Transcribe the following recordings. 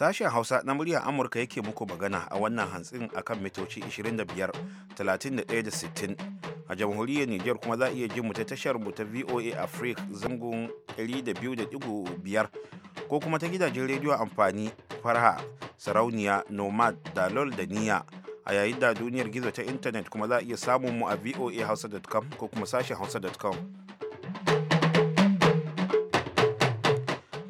Sashen Hausa na muryar Amurka yake muku magana a wannan hantsin akan mitoci 25, 31 da 60. A jamhuriyar Nijar kuma za a iya jin mu ta tashar mu ta VOA Africa zangon 200.5 ko kuma ta gidajen rediyo amfani farha sarauniya nomad da lol da niya a yayin da duniyar gizo ta intanet kuma za a iya samun mu a voahausa.com ko kuma sashen hausa.com.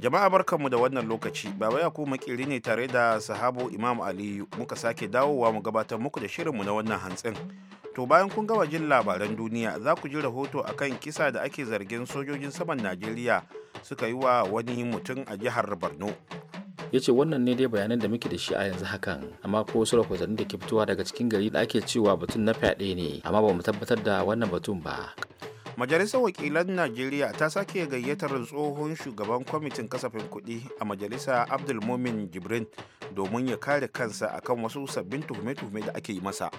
jama'a barkanmu da wannan lokaci baba ya ku makiri ne tare da sahabo imam aliyu muka sake dawowa mu gabatar muku da shirinmu na wannan hantsin to bayan kun gama jin labaran duniya za ku ji rahoto akan kisa da ake zargin sojojin saman najeriya suka yi wa wani mutum a jihar borno ya ce wannan ne dai bayanan da muke da shi a yanzu hakan amma ko wasu rahotanni da ke fitowa daga cikin gari da ake cewa batun na fyaɗe ne amma ba mu tabbatar da wannan batun ba majalisar wakilan najeriya ta sake gayyatar tsohon shugaban kwamitin kasafin kuɗi a majalisa abdulmumin jibrin domin ya kare kansa akan wasu sabbin tuhume-tuhume da ake yi masa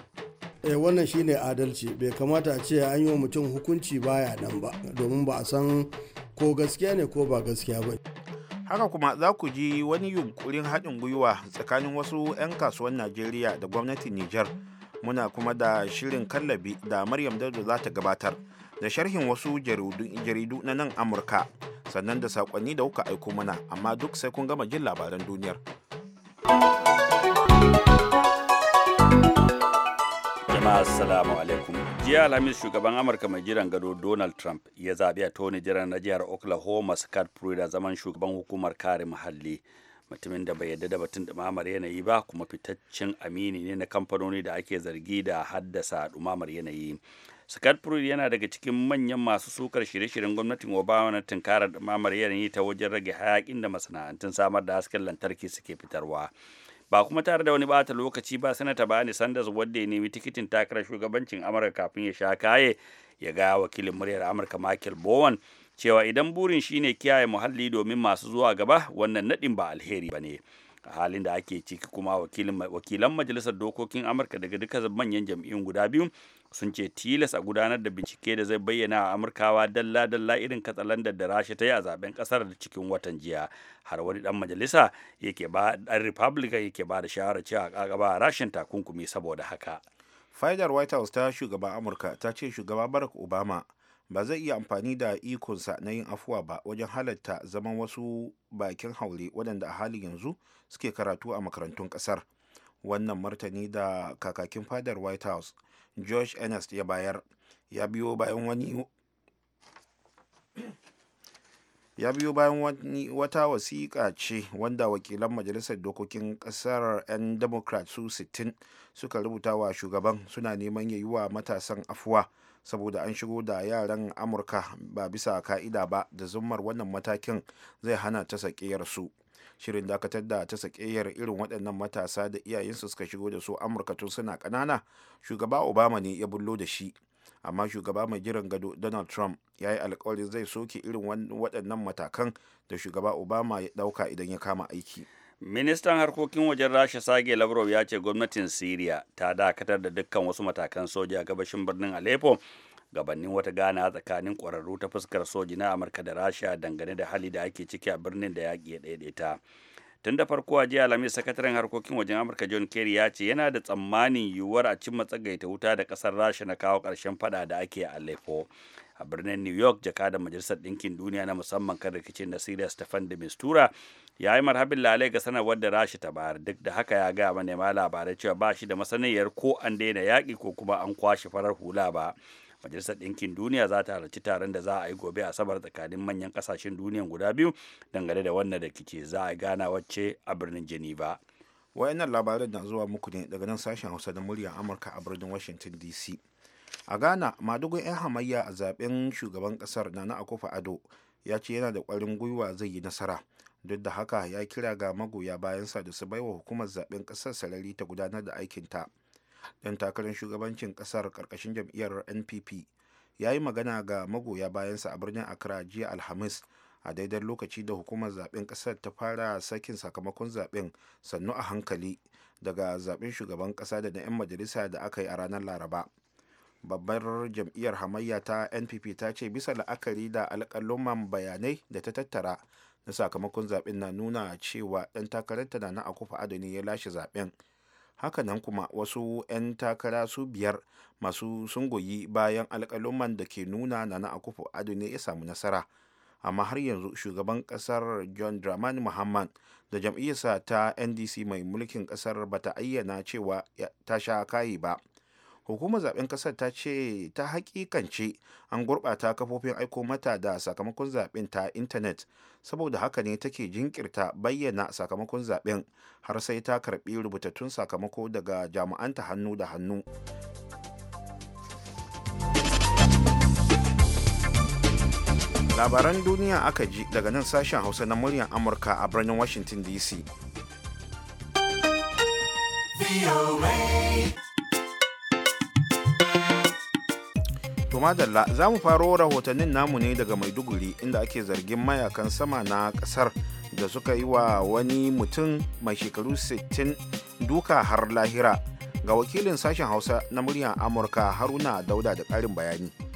eh wannan shine adalci bai kamata a ce an yi wa mutum hukunci baya nan ba domin ba a san ko gaskiya ne ko ba gaskiya ba haka kuma za ku ji wani yunkurin haɗin gwiwa tsakanin wasu 'yan kasuwan najeriya da gwamnatin niger muna kuma da shirin kallabi da maryam daudu za ta gabatar da sharhin wasu jaridu na nan amurka sannan da sakonni da kuka aiko mana amma duk sai kun gama jin labaran duniyar assalamu alaikum jiya alhamis shugaban amurka mai jiran gado donald trump ya zaɓi a tony jiran na jihar oklahoma scott pruitt zaman shugaban hukumar kare muhalli mutumin da bai yarda da batun dumamar yanayi ba kuma fitaccen amini ne na kamfanoni da ake zargi da haddasa dumamar yanayi Scott Pruitt yana daga cikin manyan masu sukar shirye-shiryen gwamnatin Obama na tunkarar ɗumamar yanayi ta wajen rage hayakin da masana'antun samar da hasken lantarki suke fitarwa. Ba kuma tare da wani bata lokaci ba Sanata Bernie Sanders wadda ya nemi tikitin takarar shugabancin Amurka kafin ya sha kaye ya ga wakilin muryar Amurka Michael Bowen cewa idan burin shine kiyaye muhalli domin masu zuwa gaba wannan nadin ba alheri ba ne. a halin da ake ciki kuma wakilan majalisar dokokin amurka daga duka manyan jam'iyyun guda biyu sun ce tilas a gudanar da bincike da zai bayyana a amurkawa dalla-dalla irin katsalandar da rasha ta yi a zaben kasar da cikin watan jiya har wani dan majalisa yake ba dan republican yake ba da shahara cewa kakaba rashin takunkumi saboda haka fadar white house ta shugaba amurka ta ce shugaba barack obama ba zai iya amfani da ikonsa na yin afuwa ba wajen halatta zaman wasu bakin haure waɗanda a halin yanzu suke karatu a makarantun ƙasar wannan martani da kakakin fadar white house george ernest ya bayar ya biyo bayan wani ya biyo bayan wata wasiƙa ce wanda wakilan majalisar dokokin ƙasar 'yan democrat su 60 suka rubuta wa shugaban suna neman ya yi wa matasan afuwa saboda an shigo da yaran amurka ba bisa ka'ida ba da zummar wannan matakin zai hana ta su shirin dakatar da ta sakeyar irin waɗannan matasa da iyayensu suka shigo da su amurka tun suna ƙanana shugaba obama ne ya bullo da shi amma shugaba mai jiran gado donald trump ya yi alkawarin zai soke irin waɗannan matakan da shugaba obama ya ɗauka idan ya kama aiki ministan harkokin wajen rasha sage lavrov ya ce gwamnatin syria ta dakatar da dukkan wasu matakan soja gabashin birnin aleppo gabanin wata gana tsakanin ƙwararru ta fuskar soji na amurka da rasha dangane da hali da ake ciki a birnin da yaƙi ya ɗaiɗaita tun da farko a jiya alhamis sakataren harkokin wajen amurka john kerry ya ce yana da tsammanin yiwuwar a cimma tsagaita wuta da ƙasar rasha na kawo ƙarshen faɗa da ake a aleppo a birnin new york jakadan majalisar ɗinkin duniya na musamman kan rikicin na siriya stefan de mistura ya yi marhabin lalai ga sanarwar da rasha ta bayar duk da haka ya ga manema labarai cewa ba shi da masaniyar ko an daina yaƙi ko kuma an kwashe farar hula ba majalisar ɗinkin duniya za ta halarci taron da za a yi gobe a asabar tsakanin manyan ƙasashen duniya guda biyu dangane da wannan da kike za a gana wacce a birnin geneva wayannan labaran na zuwa muku ne daga nan sashen hausa da muryar amurka a birnin washington dc a ghana madugun 'yan hamayya a zaben shugaban kasar nana akufa ado ya ce yana da kwarin gwiwa zai yi nasara duk da haka ya kira ga magoya bayansa da su baiwa hukumar zaben kasar sarari ta gudanar da aikinta Ɗan takarar shugabancin ƙasar karkashin jam'iyyar npp ya yi magana ga magoya bayansa a birnin accra jiya alhamis a daidai lokaci da hukumar zaben ƙasar ta fara sakin sakamakon zaben sannu a hankali daga zaben shugaban ƙasa da na 'yan majalisa da aka yi a ranar laraba babbar jam'iyyar hamayya ta npp ta ce bisa la'akari da alƙaluman bayanai da ta tattara na sakamakon zaben na nuna cewa ɗan takararta na na akufa adani ya lashe zaben hakanan kuma wasu 'yan takara su biyar masu sun goyi bayan alƙaluman da ke nuna na na akufo ado ne ya samu nasara amma har yanzu shugaban kasar john dramani muhammad da jam'iyyarsa ta ndc mai mulkin kasar bata ayyana cewa ta sha kayi ba hukumar zaben kasar ta ce ta hakikance an gurɓata kafofin aiko mata da sakamakon zaben ta intanet saboda haka ne take jinkirta bayyana sakamakon zaben har sai ta karɓi rubutattun sakamako daga jami'anta hannu da hannu labaran duniya aka ji daga nan sashen hausa na muryar amurka a birnin washington dc To madalla za mu faro rahotannin namu ne daga Maiduguri inda ake zargin mayakan sama na kasar da suka yi wa wani mutum mai shekaru 60 duka har lahira. Ga wakilin sashen Hausa na muryar Amurka Haruna Dauda da ƙarin bayani.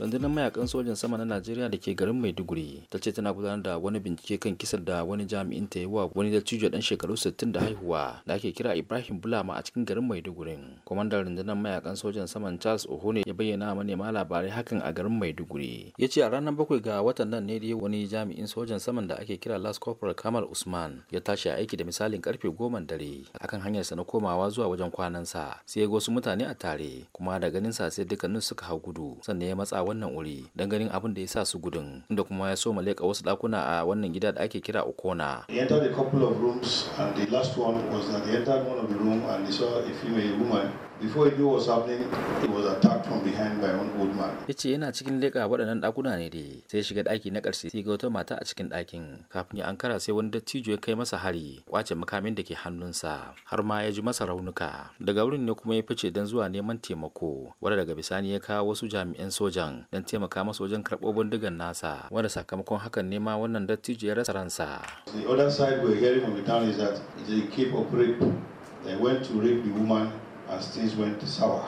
rundunar mayakan sojan sama na najeriya da ke garin maiduguri ta ce tana gudanar da wani bincike kan kisan da wani jami'in ta yi wa wani dattijo dan shekaru 60 da haihuwa da ake kira ibrahim bulama a cikin garin maiduguri kwamandan rundunar mayakan sojan saman charles ohone ya bayyana manema labarai hakan a garin maiduguri ya ce a ranar bakwai ga watan nan ne dai wani jami'in sojan saman da ake kira last corporal kamal usman ya tashi a aiki da misalin karfe goma dare akan hanyarsa na komawa zuwa wajen kwanansa sai ya wasu mutane a tare kuma da ganin sa sai dukkanin suka hau gudu sannan ya matsa wannan wuri don ganin abin da ya sa su gudun inda kuma ya so leƙa wasu ɗakuna a wannan gida da ake kira Okona. ya entered yace yana cikin leƙa waɗannan ɗakuna ne dai sai shiga ɗaki na ƙarshe sai ga wata mata a cikin ɗakin kafin ya ankara sai wani dattijo ya kai masa hari kwace makamin da ke hannunsa har ma ya ji masa raunuka daga wurin ne kuma ya fice don zuwa neman taimako wanda daga bisani ya kawo wasu jami'an sojan don taimaka masa wajen karɓo bindigan nasa wanda sakamakon hakan ne ma wannan dattijo ya rasa ransa. The other side hearing town is things went sour.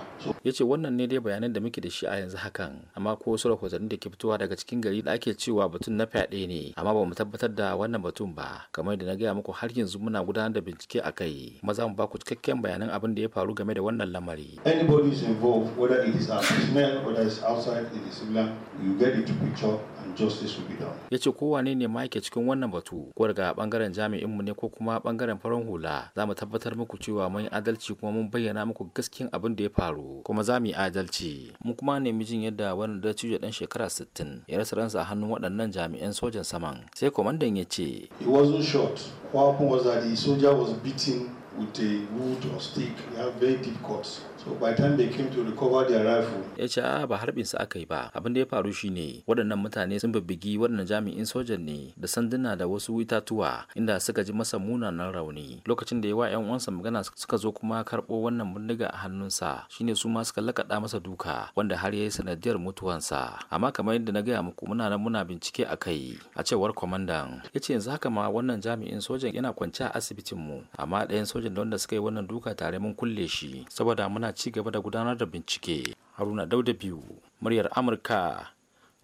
ya ce wannan ne dai bayanan da muke da shi a yanzu hakan amma ko wasu rahotanni da ke fitowa daga cikin gari da ake cewa batun na fyaɗe ne amma ba mu tabbatar da wannan batun ba kamar da na gaya muku har yanzu muna gudanar da bincike a kai kuma za mu ba ku cikakken bayanan abin da ya faru game da wannan lamari anybody is involved whether it is a at whether is outside in the you get to picture justice will be done. Ya ce kowane ne ma yake cikin wannan batu ko daga bangaren jami'inmu ne ko kuma bangaren farin hula za mu tabbatar muku cewa mun yi adalci kuma mun bayyana muku gaskiyan abin da ya faru kuma za mu yi adalci. Mu kuma nemi jin yadda wani da dattijo dan shekara sittin ya rasa ransa a hannun waɗannan jami'an sojan saman. Sai kwamandan ya ce. He wasn't shot. What happened was that the soldier was beaten with a wood or stick. They have very deep cuts. so by time they came to recover their rifle ya ce a ba harbin su aka yi ba abin da ya faru shine waɗannan mutane sun babbigi waɗannan jami'in sojan ne da sanduna da wasu itatuwa inda suka ji masa munanan rauni lokacin da ya wa yan uwansa magana suka zo kuma karɓo wannan bindiga a hannunsa shine su ma suka lakaɗa masa duka wanda har ya yi sanadiyar mutuwansa amma kamar yadda na gaya muku muna nan muna bincike a kai a cewar kwamandan ya ce yanzu haka ma wannan jami'in sojan yana kwance a asibitin mu amma ɗayan sojan da wanda suka yi wannan duka tare mun kulle shi saboda muna na ci gaba da gudanar da bincike haruna dauda biyu muryar amurka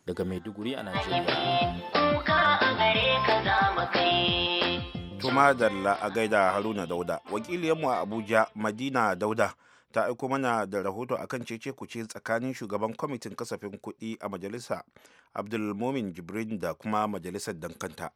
daga maiduguri a najeriya tuma da a gaida haruna dauda wakiliyarmu a abuja madina dauda ta aiko mana da rahoto a kan cece kuce tsakanin shugaban kwamitin kasafin kuɗi a majalisa abdulmomin jibrin da kuma majalisar dankanta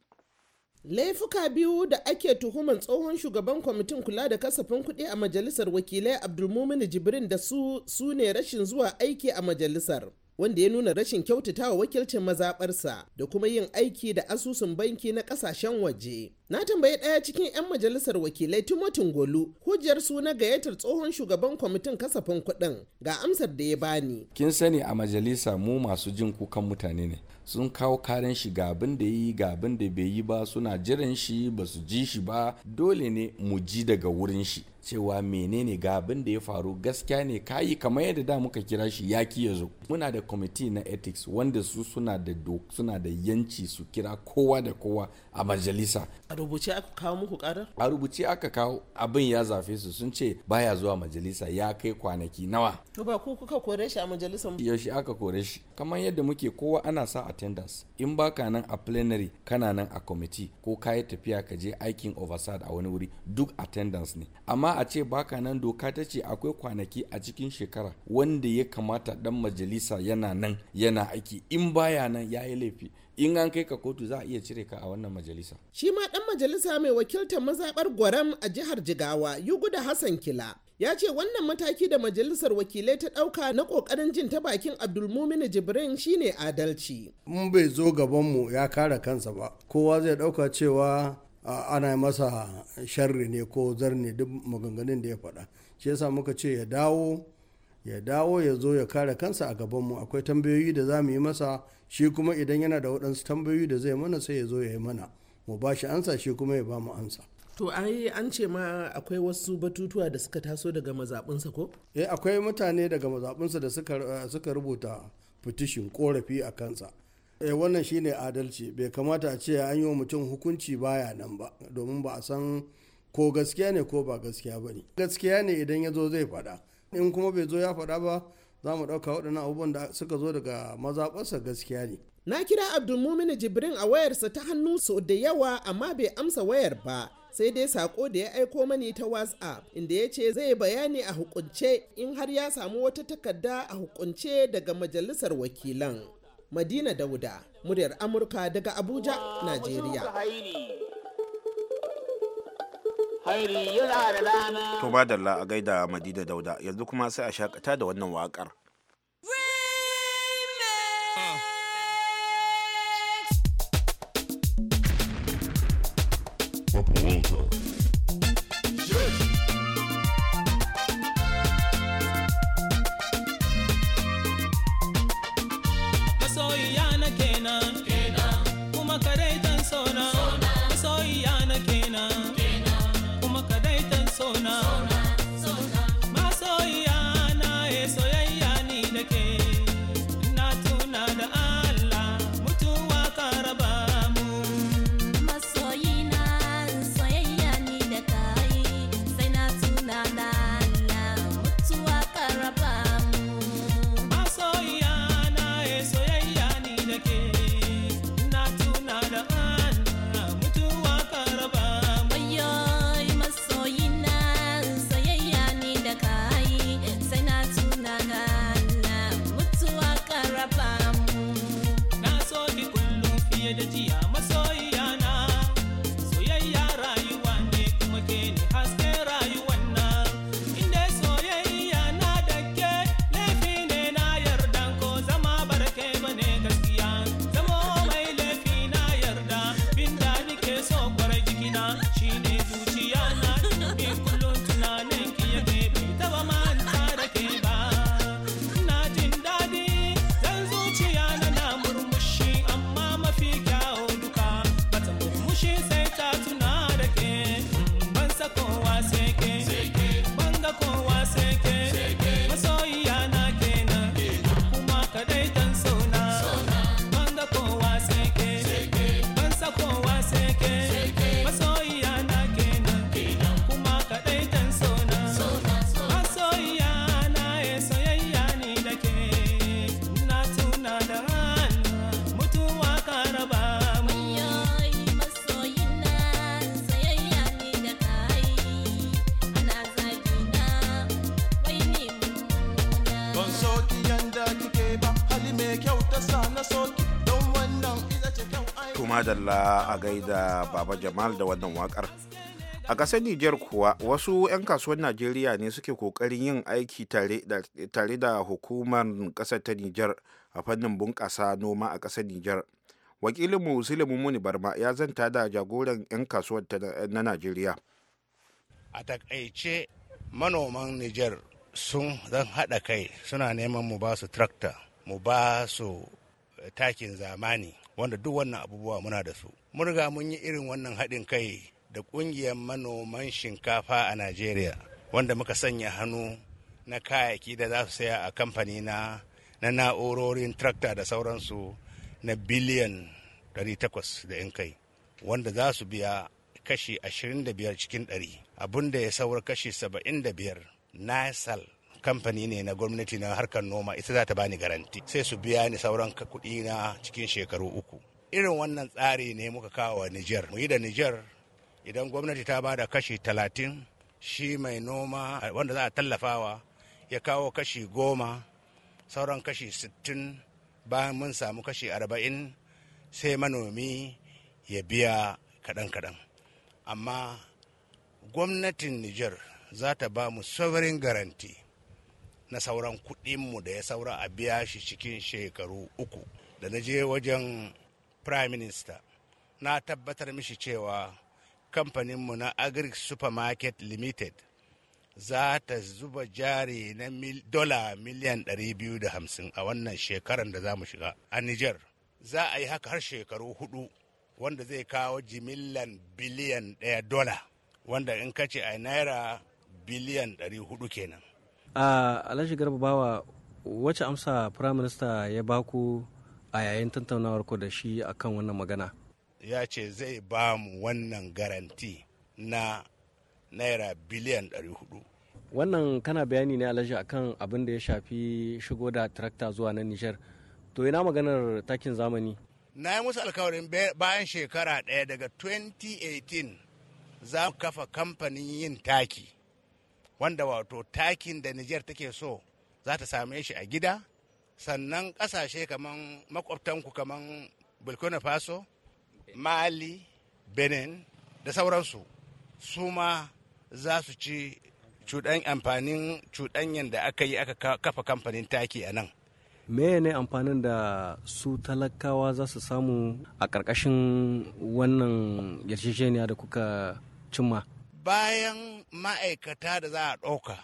laifuka biyu da ake tuhumar tsohon shugaban kwamitin kula da kasafin kuɗi a majalisar wakilai abdulmumin jibrin da su su ne rashin zuwa aiki a majalisar wanda ya nuna rashin kyautatawa wakilcin mazaɓarsa da kuma yin aiki da asusun banki na ƙasashen waje Na tambayi ɗaya cikin 'yan majalisar wakilai Timotin Golu hujjar su na gayyatar tsohon shugaban kwamitin kasafin kuɗin ga amsar da ya bani. Kin sani a majalisa mu masu jin kukan mutane ne. Sun kawo karen shi ga abin da yi ga abin da bai yi ba suna jiran shi ba su ji shi ba dole ne mu ji daga wurin shi. cewa menene ga abin da ya faru gaskiya ne kayi kamar yadda da muka kira shi yaki ya zo muna da kwamiti na ethics wanda su suna suna da yanci su kira kowa da kowa a majalisa rubuce aka kawo muku karar a rubuce aka kawo abin ya zafe su sun ce baya zuwa majalisa ya kai kwanaki nawa to ba ku kuka kore shi a majalisa yaushe aka kore shi kamar yadda muke kowa ana sa attendance in baka nan a plenary kana nan a committee ko ka tafiya ka je aikin oversight a wani wuri duk attendance ne amma a ce baka nan doka ta ce akwai kwanaki a cikin shekara wanda ya kamata dan majalisa yana nan yana aiki in baya nan ya yi laifi in an kai ka kotu za a iya cire ka a wannan majalisa. Shi ma ɗan majalisa mai wakiltar mazaɓar Gwaram a jihar Jigawa, Yuguda Hassan Kila, ya ce wannan mataki da majalisar wakilai ta ɗauka na kokarin jin ta bakin abdulmumin Jibrin shine adalci. in bai zo gabanmu ya kare kansa ba, kowa zai ɗauka cewa ana masa sharri ne ko zarne duk maganganun da ya faɗa. Shi yasa muka ce ya dawo ya dawo ya zo ya kare kansa a gabanmu akwai tambayoyi da za mu yi masa shi kuma idan yana da waɗansu tambayoyi da zai mana sai ya zo ya yi mana mu ba shi ansa shi kuma ya ba mu ansa to ai an ce ma akwai wasu batutuwa da suka taso daga mazaɓinsa ko eh akwai mutane daga mazaɓinsa da suka eh, rubuta fitishin korafi a kansa eh wannan shine adalci bai kamata a ce an yi wa mutum hukunci baya nan ba domin ba a san ko gaskiya ne ko ba gaskiya ba ne gaskiya ne idan ya zo zai faɗa in kuma bai zo ya faɗa ba za mu ɗauka waɗannan abubuwan da suka zo daga mazaɓarsa gaskiya ne. Na kira Abdulmumin Jibrin a wayarsa ta hannu sau da yawa amma bai amsa wayar ba. sai dai sako da ya aiko mani ta whatsapp inda ya ce zai bayani a hukunce in har ya samu wata takarda a hukunce daga majalisar wakilan madina dauda muryar amurka daga abuja najeriya Hairi yana da rana to la a gaida madida dauda yanzu kuma sai a shakata da wannan waƙar da la a gaida baba jamal da wannan wakar a ƙasar nijar kuwa wasu 'yan kasuwar najeriya ne suke kokarin yin aiki tare da hukumar ƙasar ta nijar a fannin bunƙasa noma a ƙasar nijar wakilinmu silimu muni barma ya zanta da jagoran 'yan kasuwar na najeriya a takaice manoman nijar sun zan haɗa kai suna neman mu basu mu ba su takin zamani wanda duk wannan abubuwa muna da su mun riga mun yi irin wannan haɗin kai da ƙungiyar manoman shinkafa a najeriya wanda muka sanya hannu na kayayyaki da za su saya a kamfani na na na'urorin trakta da sauransu na biliyan 800 da in kai wanda za su biya kashi 25 cikin 100 abinda ya saurar kashi 75 nasal kamfani ne na gwamnati na harkar noma ita za ta bani garanti sai su biya ni sauran kuɗi na cikin shekaru uku irin wannan tsari ne muka kawo wa Nijar mu yi da Nijar idan gwamnati ta bada kashi talatin shi mai noma wanda za a tallafawa ya kawo kashi goma sauran kashi sittin bayan mun samu kashi arba'in sai manomi ya biya kaɗan-kaɗan amma gwamnatin Nijar za ta ba mu sovereign guarantee na sauran kuɗinmu da ya saura a biya shi cikin shekaru uku da na je wajen prime minister na tabbatar mishi cewa kamfaninmu na agric supermarket limited za ta zuba jari na dola miliyan 250 a wannan shekaran da za mu shiga a niger za a yi haka har shekaru hudu wanda zai kawo jimillan biliyan ɗaya dola wanda in kace a naira biliyan 400 kenan alhaji garba bawa wace amsa prime minister ya baku a yayin tattaunawar ku da shi akan wannan magana ya ce zai ba mu wannan garanti na naira biliyan 400 wannan kana bayani ne alhaji akan abin da ya shafi shigo da tarakta zuwa nan nijar to ina maganar takin zamani na yi musu alkawarin bayan shekara ɗaya daga 2018 za mu kafa kamfanin yin taki wanda wato takin da Nijar take so za ta same shi a gida sannan ƙasashe kamar makwabtanku kamar Burkina Faso, Mali, Benin da sauransu su ma za su ci cuɗan amfanin cuɗanyen da aka yi aka kafa kamfanin taki a nan. me ne amfanin da su talakawa za su samu a ƙarƙashin wannan yarjejeniya da kuka cimma bayan ma'aikata da za a ɗauka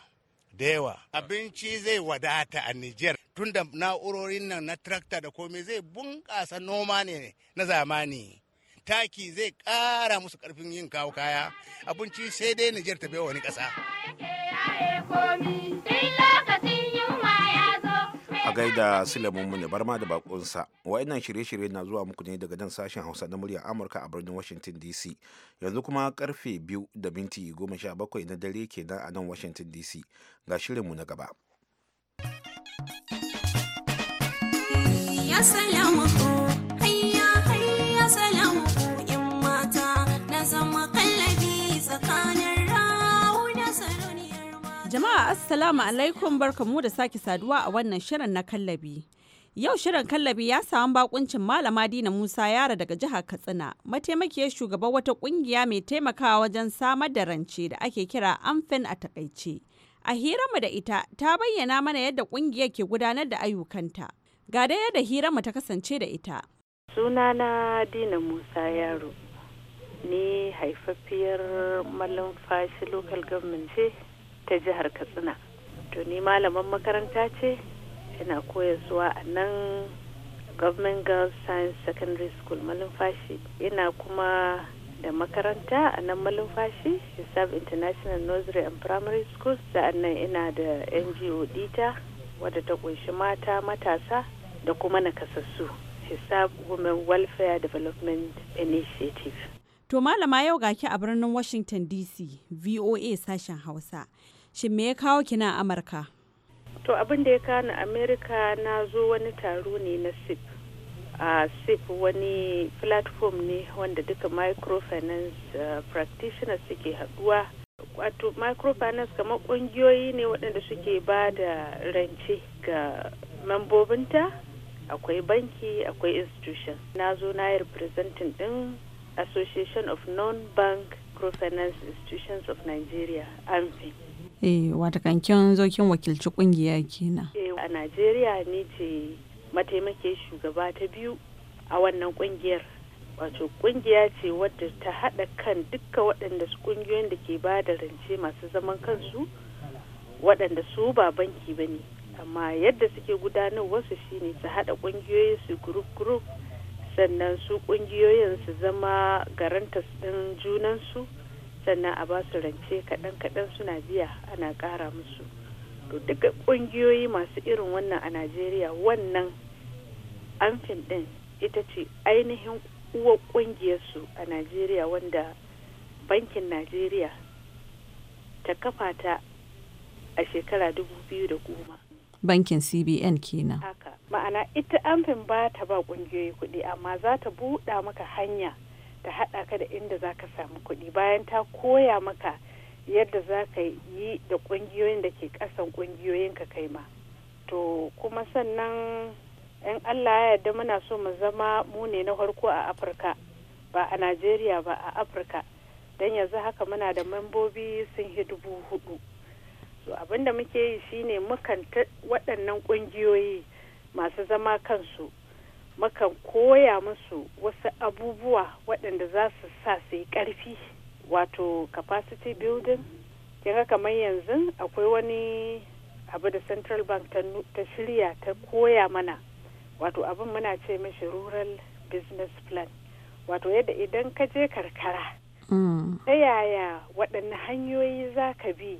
da yawa abinci zai wadata a Nijar Tunda da na'urorin nan na tractor da komai zai bunƙasa noma ne na zamani taki zai ƙara musu ƙarfin yin kawo kaya abinci sai dai Nijar ta bai wani ƙasa. a gaida silamin mu ne barma da bakunsa wa'annan shirye-shirye na zuwa muku ne daga nan sashen hausa na muryar amurka a birnin washington dc yanzu kuma karfe biyu da minti goma sha bakwai na dare kenan a nan washington dc ga shirin mu na gaba ya salamu assalamu alaikum barkamu da sake saduwa a wannan shirin na kallabi. Yau shirin kallabi ya samu bakuncin malama Dina Musa Yara daga jihar Katsina, mataimakiyar shugaban wata kungiya mai taimakawa wajen samar da rance da ake kira Amfin a takaice. A hiranmu da ita ta bayyana mana yadda kungiyar ke gudanar da ayyukanta. Ga da yadda hiranmu ta kasance da ita. Sunana Dina Musa Yaro, ni haifaffiyar fashi local government ce ta jihar katsina to ni malaman makaranta ce ina koyarwa a nan government girls science secondary school malumfashi ina kuma da makaranta a nan malumfashi hisab international nursery and primary school sa'annan ina da ngo dita wadda ta kunshi mata matasa da kuma nakasassu hisab women welfare development initiative to malama yau gaki a birnin washington dc voa sashen hausa Shin me ya kawo ki nan Amurka? To abin da ya kawo na Amerika na zo wani taro ne na SIP. a SIP wani platform ne wanda duka microfinance uh, practitioners suke haduwa. Wato microfinance kamar kungiyoyi ne waɗanda suke ba da rance ga membobinta akwai banki akwai institution na zo na yi representing din association of non-bank microfinance institutions of nigeria amfi eh wata kankin zokin wakilci kungiya kenan eh, a najeriya ne ce mataimake shugaba ta biyu a wannan kungiyar wato kungiya ce wadda ta haɗa kan dukkan waɗanda su kungiyoyin da ke ba da rance masu zaman kansu waɗanda su ba banki ba ne amma yadda suke gudanar wasu shine su haɗa kungiyoyin su group group sannan su kungiyoyin su zama garantas ɗin junansu sannan a basu rance kaɗan-kaɗan suna biya ana ƙara musu to duka ƙungiyoyi masu irin wannan a najeriya wannan amfin ɗin ita ce ainihin uwar ƙungiyarsu a najeriya wanda bankin najeriya ta kafa ta a shekara da goma. bankin cbn kenan haka ma'ana ita amfin ba ta ba ƙungiyoyi kuɗi amma za ta buɗa maka hanya ta haɗa ka da inda za ka samu kuɗi bayan ta koya maka yadda za ka yi da ƙungiyoyin da ke ƙasan ƙungiyoyin ka kai ma to kuma sannan 'yan allah ya yarda muna so mu zama mu ne na farko a afirka ba a najeriya ba a afirka don yanzu haka muna da mambobi sun yi dubu hudu so abinda muke yi shine mukan waɗannan ƙungiyoyi masu zama kansu makan koya musu wasu abubuwa waɗanda za su sa su yi ƙarfi wato capacity building ga kamar yanzu akwai wani abu da central bank ta shirya ta koya mana wato abin muna ce mashi rural business plan wato yadda idan ka je karkara mm. ta yaya waɗanne hanyoyi za ka bi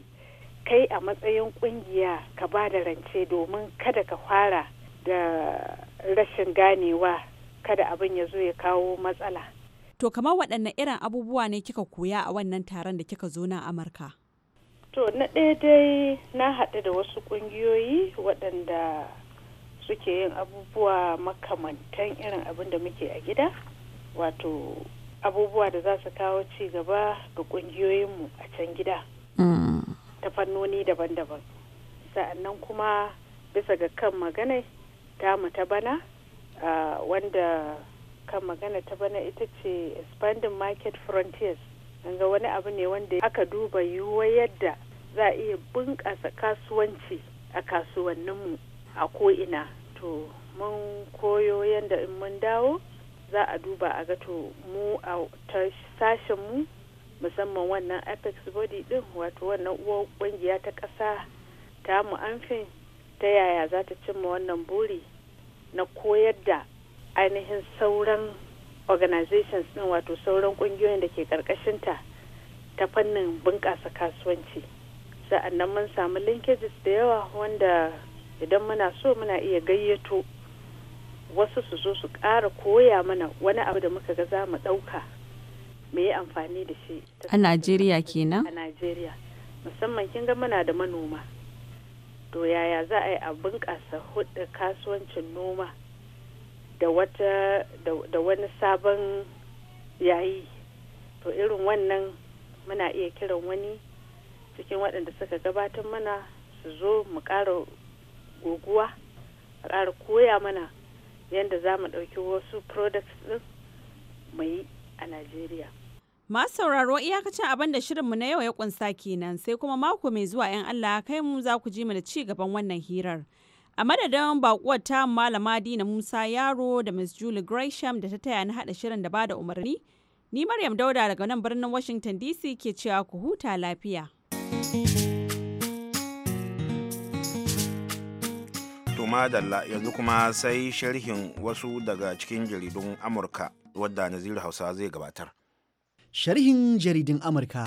kai a matsayin ƙungiya ka ba da rance domin kada ka fara da rashin ganewa kada abin ya zo ya kawo matsala. To kamar waɗanne irin abubuwa ne kika koya a wannan taron da kika zo na Amurka? To na ɗaya dai na haɗu da wasu ƙungiyoyi waɗanda suke yin abubuwa makamantan irin abin da muke a gida wato abubuwa da za su kawo ci gaba ga ƙungiyoyinmu a can gida mm. ta fannoni daban-daban sa'annan kuma bisa ga kan maganai tamu ta bana uh, wanda kan magana ta bana ita ce expanding market frontiers ga wani abu ne wanda aka duba yiwuwa yadda za a iya bunƙasa kasuwanci a kasuwanninmu a ko'ina to mun koyo yadda in mun dawo za a duba a gato mu a ta mu musamman wannan apex body din wato wannan uwa kungiya ta ƙasa ta mu amfin ta yaya za ta cimma wannan buri na koyar da ainihin sauran organizations din wato sauran kungiyoyin da ke karkashinta ta fannin bunƙasa kasuwanci sa'annan mun samu linkages da yawa wanda idan muna so muna iya gayyato wasu su zo su ƙara koya mana wani abu da muka ga za mu ɗauka mu yi amfani da shi a najeriya kenan a najeriya musamman kin ga muna da manoma to yaya za a yi a bunƙasa hudu kasuwancin noma da wani sabon yayi to irin wannan muna iya kiran wani cikin waɗanda suka gabatar mana su zo mu ƙara guguwa a ƙara koya mana yadda za mu ɗauki wasu products ɗin mu yi a najeriya Masu sauraro iyakacin abin da shirinmu na yau ya kunsa kenan sai kuma mako mai zuwa 'yan Allah kai mu za ku ji mu da ci gaban wannan hirar. A madadin bakuwar ta malama Dina Musa Yaro da Miss Julie Gresham da ta taya na haɗa shirin da bada umarni, ni Maryam Dauda daga nan birnin Washington DC ke cewa ku huta lafiya. Tuma Dalla yanzu kuma sai sharhin wasu daga cikin jaridun Amurka wadda Nazir Hausa zai gabatar. sharhin jaridin Amurka.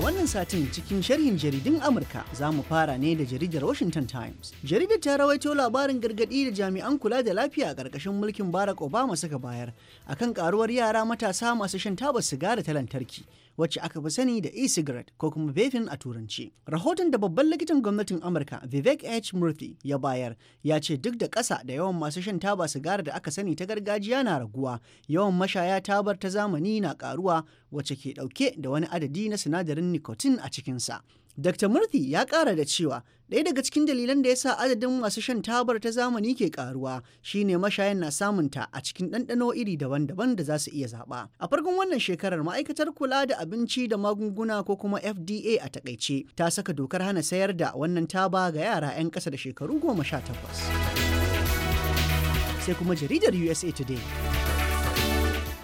wannan satin cikin sharhin jaridun Amurka za mu fara ne da jaridar Washington Times. Jaridar ta rawaito labarin gargadi da jami'an kula da lafiya a ƙarƙashin mulkin Barack Obama suka bayar akan ƙaruwar yara matasa masu shan tabar sigara ta lantarki. wacce aka fi sani da e-cigarette ko kuma vaping a turanci. Rahoton da babban likitan gwamnatin Amurka Vivek H. Murthy ya bayar ya ce duk da ƙasa da yawan masu shan taba sigara da aka sani ta gargajiya na raguwa, yawan mashaya tabar ta zamani na ƙaruwa wacce ke ɗauke da wani adadi na sinadarin nicotine a cikinsa. Dr. Murthy ya ƙara da cewa Ɗaya daga cikin dalilan da ya sa adadin masu shan tabar ta zamani ke karuwa shine mashayan na samun ta a cikin ɗanɗano iri daban-daban da za su iya zaɓa. A farkon wannan shekarar ma'aikatar kula da abinci da magunguna ko kuma FDA a takaice ta saka dokar hana sayar da wannan taba ga yara 'yan ƙasa da shekaru goma sha takwas. Sai kuma jaridar USA Today.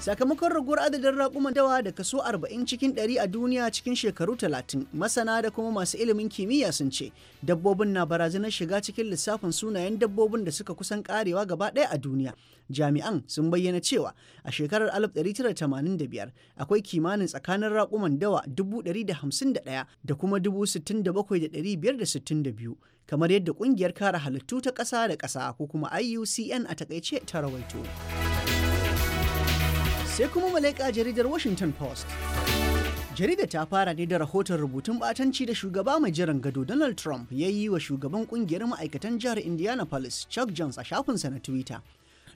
sakamakon raguwar adadin raƙuman dawa da kaso 40 cikin 100 a duniya cikin shekaru 30 masana da kuma masu ilimin kimiyya sun ce dabbobin na barazanar shiga cikin lissafin sunayen dabbobin da suka kusan karewa gaba ɗaya a duniya jami'an sun bayyana cewa a shekarar 1985 akwai kimanin tsakanin raƙuman dawa 151 da kuma 67,562 kamar yadda ƙungiyar kare halittu ta ƙasa da ƙasa ko kuma IUCN a takaice ta rawaito. Sai kuma malaika jaridar Washington Post. Jarida ta fara ne da rahoton rubutun batanci da shugaba mai jiran gado Donald Trump ya yi wa shugaban kungiyar ma'aikatan jihar Indianapolis Chuck Jones a shafinsa na Twitter.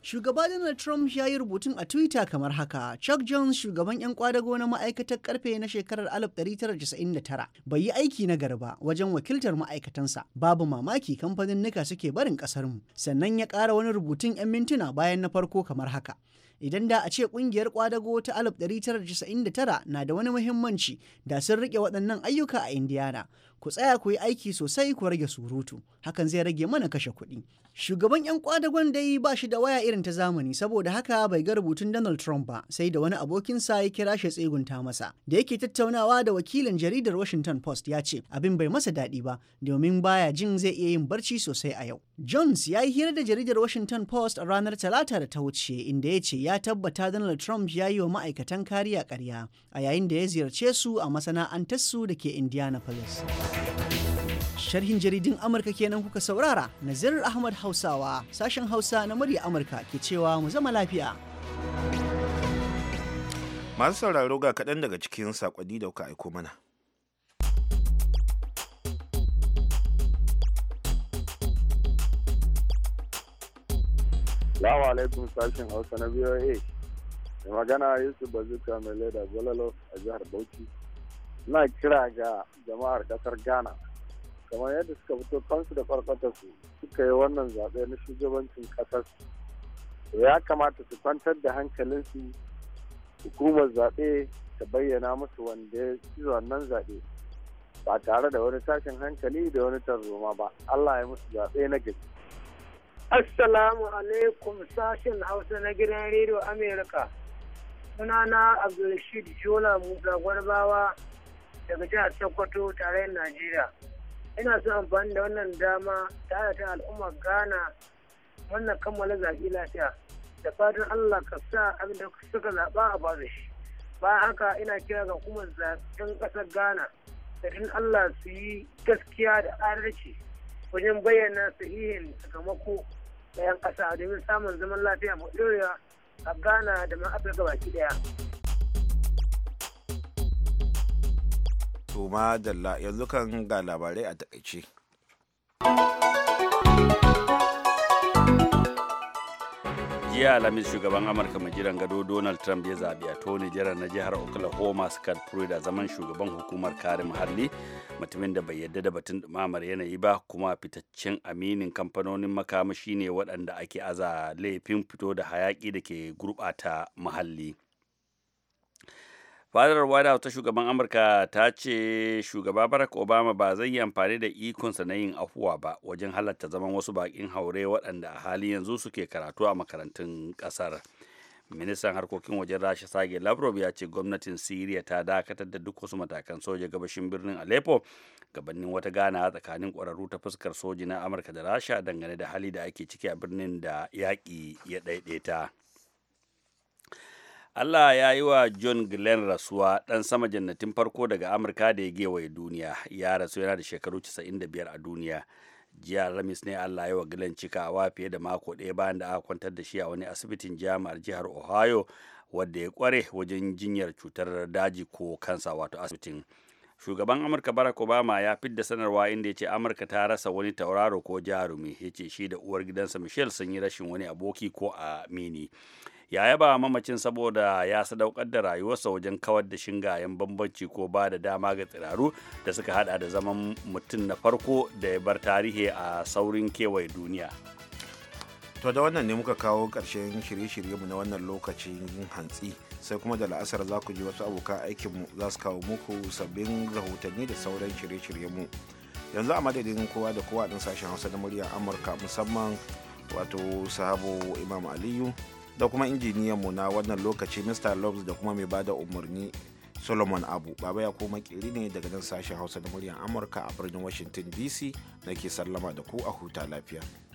Shugaba Donald Trump ya yi rubutun a Twitter kamar haka, Chuck Jones shugaban 'yan kwadago na ma'aikatar karfe na shekarar 1999 bai yi aiki na garba wajen wakiltar ma'aikatansa, babu mamaki kamfanin nika suke barin mu Sannan ya kara wani rubutun 'yan mintuna bayan na farko kamar haka. idan da a ce kungiyar kwadago ta 1999 na da wani muhimmanci da sun rike waɗannan ayyuka a indiana ku tsaya ku yi aiki sosai ku rage surutu hakan zai rage mana kashe kuɗi shugaban yan kwadagon dai ba shi da waya irin ta zamani saboda haka bai ga rubutun donald trump ba sai da wani abokin sa ya kira shi tsegunta masa da yake tattaunawa da wakilin jaridar washington post ya ce abin bai masa daɗi ba domin baya jin zai iya yin barci sosai a yau jones ya yi hira da jaridar washington post ranar talata da ta wuce inda ya ce ya tabbata donald trump ya yi wa ma'aikatan kariya karya a yayin da ya ziyarce su a masana'antarsu da ke indianapolis Sharhin jaridin Amurka kenan kuka saurara, Nazirar Ahmad Hausawa, sashen Hausa na murya Amurka ke cewa mu zama lafiya. Masu sauraro ga kaɗan daga cikin saƙonni da kuka aiko mana. Lawa alaikum sashen Hausa na VOA. Mai magana Yusuf Bazuka mai leda Gwalalo a jihar Bauchi. na kira ga jama'ar kasar ghana kamar yadda suka fito kansu da su suka yi wannan zaɓe na shugabancin ƙasar ya kamata su kwantar da hankalinsu hukumar zaɓe ta bayyana musu wanda ya ci wannan zaɓe ba tare da wani tashin hankali da wani tarzoma ba allah ya musu zaɓe na gari assalamu alaikum sashen hausa na gidan rediyo amerika sunana abdulrashid jola musa gwarbawa daga jihar Sokoto tare da Najeriya. Ina so amfani da wannan dama tare da al'ummar Ghana wannan kammala zaɓi lafiya da fatan Allah ka sa abin suka zaɓa a ba shi. Ba haka ina kira ga hukumar zaɓen ƙasar Ghana da tun Allah su yi gaskiya da adalci wajen bayyana sahihin sakamako da 'yan ƙasa domin samun zaman lafiya mai ɗorewa a Ghana da ma Afirka baki ɗaya. To madalla yanzu kan ga labarai a takaice. jiya alhamis shugaban amurka mai jiran gado donald trump ya zaɓi a tony jiran na jihar oklahoma scott pruitt a zaman shugaban hukumar kare muhalli mutumin da bai yadda da batun dumamar yanayi ba kuma fitaccen aminin kamfanonin makamashi ne waɗanda ake aza laifin fito da hayaƙi da ke gurɓata muhalli fadar white house ta shugaban amurka ta ce shugaba barack obama ba zai yi amfani da ikonsa na yin afuwa ba wajen halatta zaman wasu bakin haure waɗanda a hali yanzu suke karatu a makarantun ƙasar ministan harkokin wajen rasha sage lavrov ya ce gwamnatin syria ta dakatar da duk wasu matakan soja gabashin birnin aleppo gabanin wata gana tsakanin ƙwararru ta fuskar soji na amurka da rasha dangane da hali da ake ciki a birnin da yaƙi ya ɗaiɗaita. Allah ya yi wa John Glenn rasuwa ɗan sama jannatin farko daga Amurka da ya gewaye duniya ya rasu yana da shekaru 95 a duniya jiya Alhamis ne Allah ya yi wa Glenn cikawa fiye da mako ɗaya bayan da aka kwantar da shi a wani asibitin jami'ar jihar Ohio wadda ya kware wajen jinyar cutar daji ko kansa wato asibitin. shugaban amurka barack obama ya fidda sanarwa inda ya ce amurka ta rasa wani tauraro ko jarumi ya ce shi da uwar gidansa michelle sun yi rashin wani aboki ko a amini ya yaba mamacin saboda ya sadaukar da rayuwarsa wajen kawar da shingayen bambanci ko ba da dama ga tsiraru da suka hada da zaman mutum na farko da ya bar tarihi a saurin kewaye duniya to da wannan ne muka kawo karshen shirye mu na wannan lokacin hantsi sai kuma da la'asar za ku ji wasu abokan aikinmu za su kawo muku sabbin rahotanni da sauran shirye mu yanzu a madadin kowa da kowa din sashen hausa na muryar amurka musamman wato sahabo imam aliyu da kuma injiniyan mu na wannan lokaci mr lobs da kuma mai bada umarni solomon abu baba ya koma kiri ne daga nan sashen hausa da muryar amurka a birnin washington dc nake sallama da ku a huta lafiya